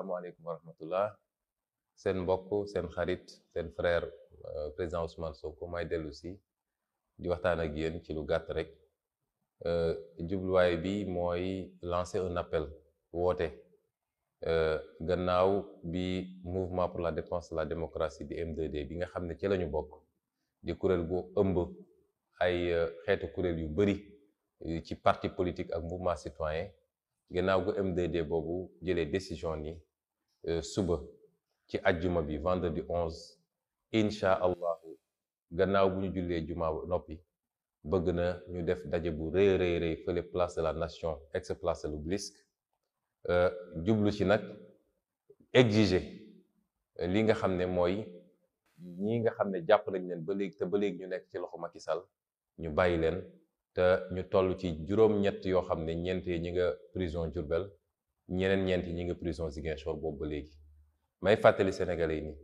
Je wa rahmatullah frère euh, président Ousmane may di waxtaan ak ci lu rek euh, lancer un appel woote euh, gannaaw bi mouvement pour la défense de la démocratie de MDD, 2 d bi nga xam ci lañu bokk di kuréel gu ay parti politique ak mouvement citoyen gannaaw décision ni euh, suba ci aljuma bi vendredi 11 insha allah gannaaw bu ñu jullee jumaa ba noppi bëgg na ñu def dajé bu rëy rëy rëy fële place de la nation ex place de l'Obélisque djublu euh, ci nak exiger euh, li nga xamné moy ñi nga xamné japp jàpp nañ leen ba léegi te ba léegi ñu nekk ci loxo Macky Sall ñu bàyyi leen te ñu tollu ci juróom-ñett yo xamné ñenté ñeent ñi nga prison Diourbel ñeneen ñeenti ñi nga prison Ziguinchor boobu ba léegi may fàttali Sénégalais yi ni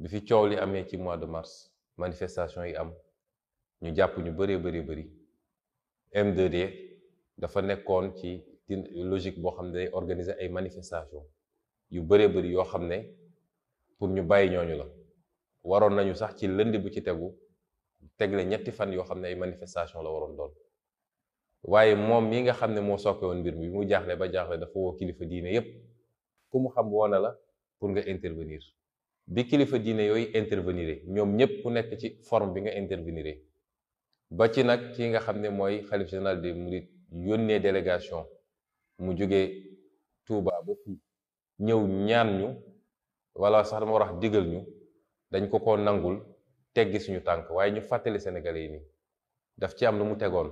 bi fi coow li amee ci mois de mars manifestation yi am ñu jàpp ñu bëree bëri bëri m dafa nekkoon ci logique boo xam ne day organiser ay manifestation yu bëree bëri yoo xam ne pour ñu bàyyi ñooñu la waroon nañu sax ci lënd bu ci tegu tegle ñetti fan yoo xam ne ay manifestation la waroon doon waaye moom mii nga xam ne moo sooke woon mbir mi bi mu jaaxle ba jaaxle dafa woo kilifa diine yépp ku mu xam woona la pour nga intervenir bi kilifa diine yooyu intervenir ñoom ñépp ku nekk ci forme bi nga intervenir ba ci nag ki nga xam ne mooy xalif général des mourides yónnee délégation mu jógee Touba ñëw ñaan wala sax dama ñu dañ ko ko nangul teggi suñu tànk waaye ñu fàttali sénégalais yi nii daf ci am lu mu tegoon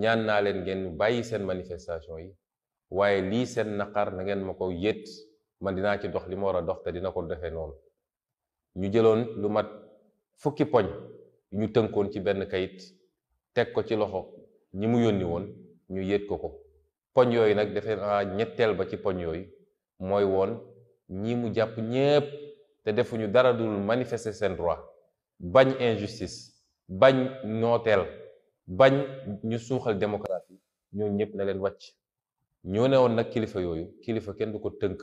ñaan naa leen ngeen bàyyi seen manifestation yi waaye lii seen naqar na ngeen ma ko yët man dinaa ci dox li ma war a dox te dina ko defee noonu ñu jëloon lu mat fukki poñ ñu tënkoon ci benn kayit teg ko ci loxo ñi mu yónni woon ñu yët ko ko poñ yooyu nag defee naa ñetteel ba ci poñ yooyu mooy woon ñi mu jàpp ñépp te defuñu dara dul manifester seen droit bañ injustice bañ nooteel bañ ñu suuxal démocratie ñoo ñëpp na leen wàcc ñoo ne woon nag kilifa yooyu kilifa kenn du ko tënk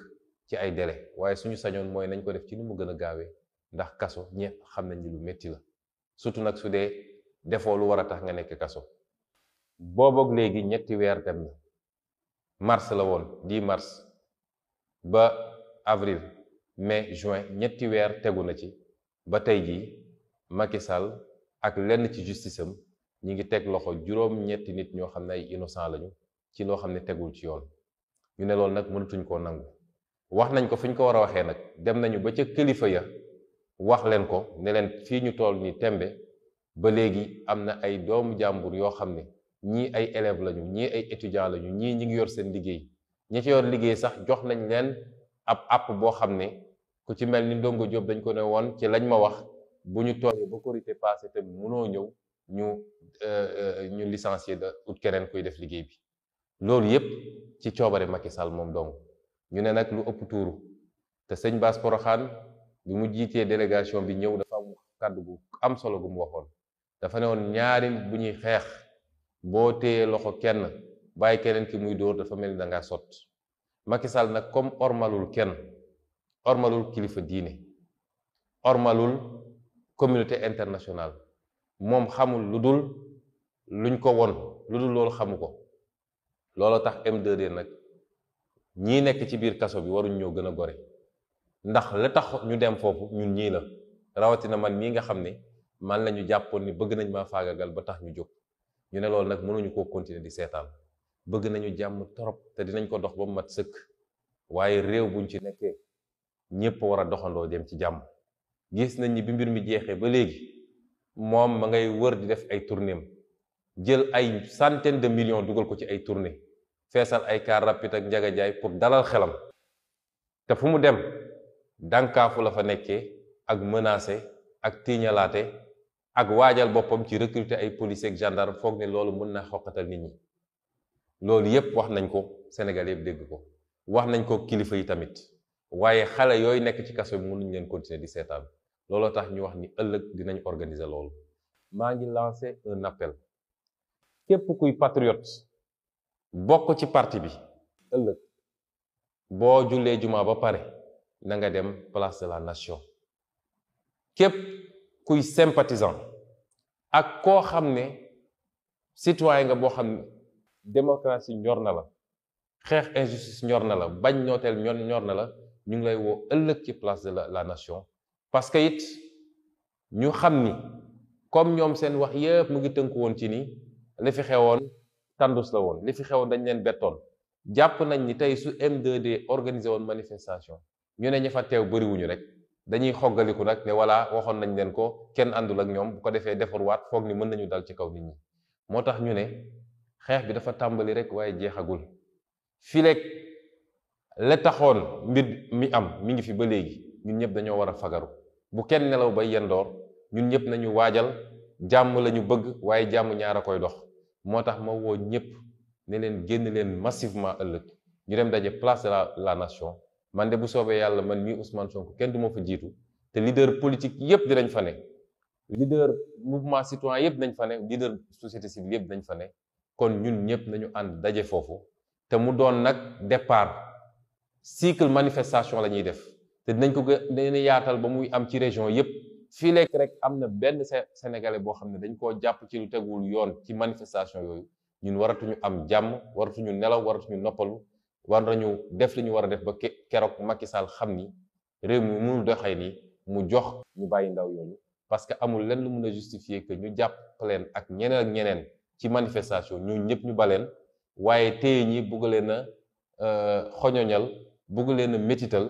ci ay délai waaye suñu sañoon mooy nañ ko def ci ni mu gën a gaawee ndax kaso ñëpp xam nañ ni lu metti la surtout nag su dee defoo lu war a tax nga nekk kaso booboog léegi ñetti weer dem na mars la woon di mars ba avril mais juin ñetti weer tegu na ci ba tey jii Macky Sall ak lenn ci justice ñi ngi teg loxo juróom-ñetti nit ñoo xam ne ay innocent lañu ci loo xam ne tegul ci yoon ñu ne loolu nag mënatuñ koo nangu wax nañ ko fi ñu ko war a waxee nag dem nañu ba ca kilifa ya wax leen ko ne leen fii ñu tool ni tembe ba léegi am na ay doomu jàmbur yoo xam ne ñii ay élève lañu ñii ay étudiant lañu ñii ñi ngi yor seen liggéey ñi ci yor liggéey sax jox nañ leen ab app boo xam ne ku ci mel ni ndongo Jóob dañ ko ne woon ci lañ ma wax bu ñu tooyee ba korité passé te mënoo ñëw ñu euh, euh, ñu licencier da ut keneen kuy def liggéey bi loolu yépp ci coobare Macky Sall moom dong ñu ne nag lu ëpp tuuru te sëñ Bass bi mu jiitee délégation bi ñëw dafa am kàddu gu am solo gu mu waxoon dafa ne ñaari bu ñuy xeex boo téyee ki muy dóor dafa mel Macky Sall comme ormalul kenn ormalul kilifa diine ormalul communauté internationale mom xamul ludul luñ ko won ludul dul xamuko xamu tax M2D nak ñi nek ci bir kasso bi waruñ ñoo gëna goré ndax la tax ñu dem fofu ñun ñi la rawatina man mi nga xamné man lañu jappone ni bëgg nañ maa faagagal ba tax ñu jox ñu ne loolu nag mënuñu ko continuer di sétal bëgg nañu jamm torop té dinañ ko dox ba mat sëkk waaye réew buñ ci nekké ñepp wara doxando dem ci jamm gis nañ ni bi mbir mi jéxé ba légui moom ma ngay wër di def ay tournée jël ay centaine de millions dugal ko ci ay tournée fessal ay car rapide ak jaga jay pour dalal xelam te fumu dem danka fu la fa nekké ak menacer ak tiiñalaate ak wajal bopam ci recruter ay police ak gendarme foog né lolu mën na xokatal nit ñi lolu yépp wax nañ ko Sénégal yépp dégg ko wax nañ ko kilifa yi tamit xalé yoy nekk ci kasso continuer di seetaan looloo tax ñu wax ni ëllëg dinañu organiser loolu maa ngi lancer un appel képp kuy patriote bokk ci parti bi ëllëg boo jullee jumaa ba pare na nga dem place de la nation képp kuy sympathisant ak koo xam ne citoyen nga boo xam ne démocratie ñor na la xeex injustice ñor na la bañ nooteel ñor na la ñu ngi lay woo ëllëg ci place de la nation parce que it ñu xam ni comme ñoom seen wax yëpp mu ngi tënku woon ci nii li fi xewoon tandus la woon li fi xewoon dañ leen bettoon jàpp nañ ni tey su M2D woon manifestation ñu ne ña fa teew bëriwuñu rek dañuy xoggaliku nag ne voilà waxoon nañ leen ko kenn àndul ak ñoom bu ko defee waat foog ni mën nañu dal ci kaw nit ñi moo tax ñu ne xeex bi dafa tàmbali rek waaye jeexagul fileeg la taxoon mbir mi am mi ngi fi ba léegi ñun ñëpp dañoo war a fagaru bu kenn nelaw bay yendoor ñun ñëpp nañu waajal jàmm la ñu bëgg waaye jàmm ñaar a koy dox moo tax ma woo ñëpp ne leen génn leen massivement ëllëg ñu dem daje place de la la nation man de bu soobee yàlla man mii Ousmane Sonko kenn du ma fa jiitu te leader politique yëpp dinañ fa ne. leader mouvement citoyen yëpp nañ fa ne leader société civile yëpp nañ fane kon ñun ñëpp nañu ànd daje foofu te mu doon nag départ cycle manifestation la ñuy def. te dinañ ko gën a yaatal ba muy am ci région yépp fii lekk rek am na benn sénégalais boo xam ne dañ koo jàpp ci lu tegul yoon ci manifestation yooyu ñun waratuñu am jàmm waratuñu nelaw waratuñu noppalu war nañu def li ñu war a def ba keroog Macky Sall xam ni réew mi mënul doxee ni mu jox ñu bàyyi ndaw yooyu parce que amul lenn lu mun a justifier que ñu jàpp ak ñeneen ak ñeneen ci manifestation ñooñu ñëpp ñu baleen waaye téye ñi bugg leen a euh, xoñoñal bugg leen a métital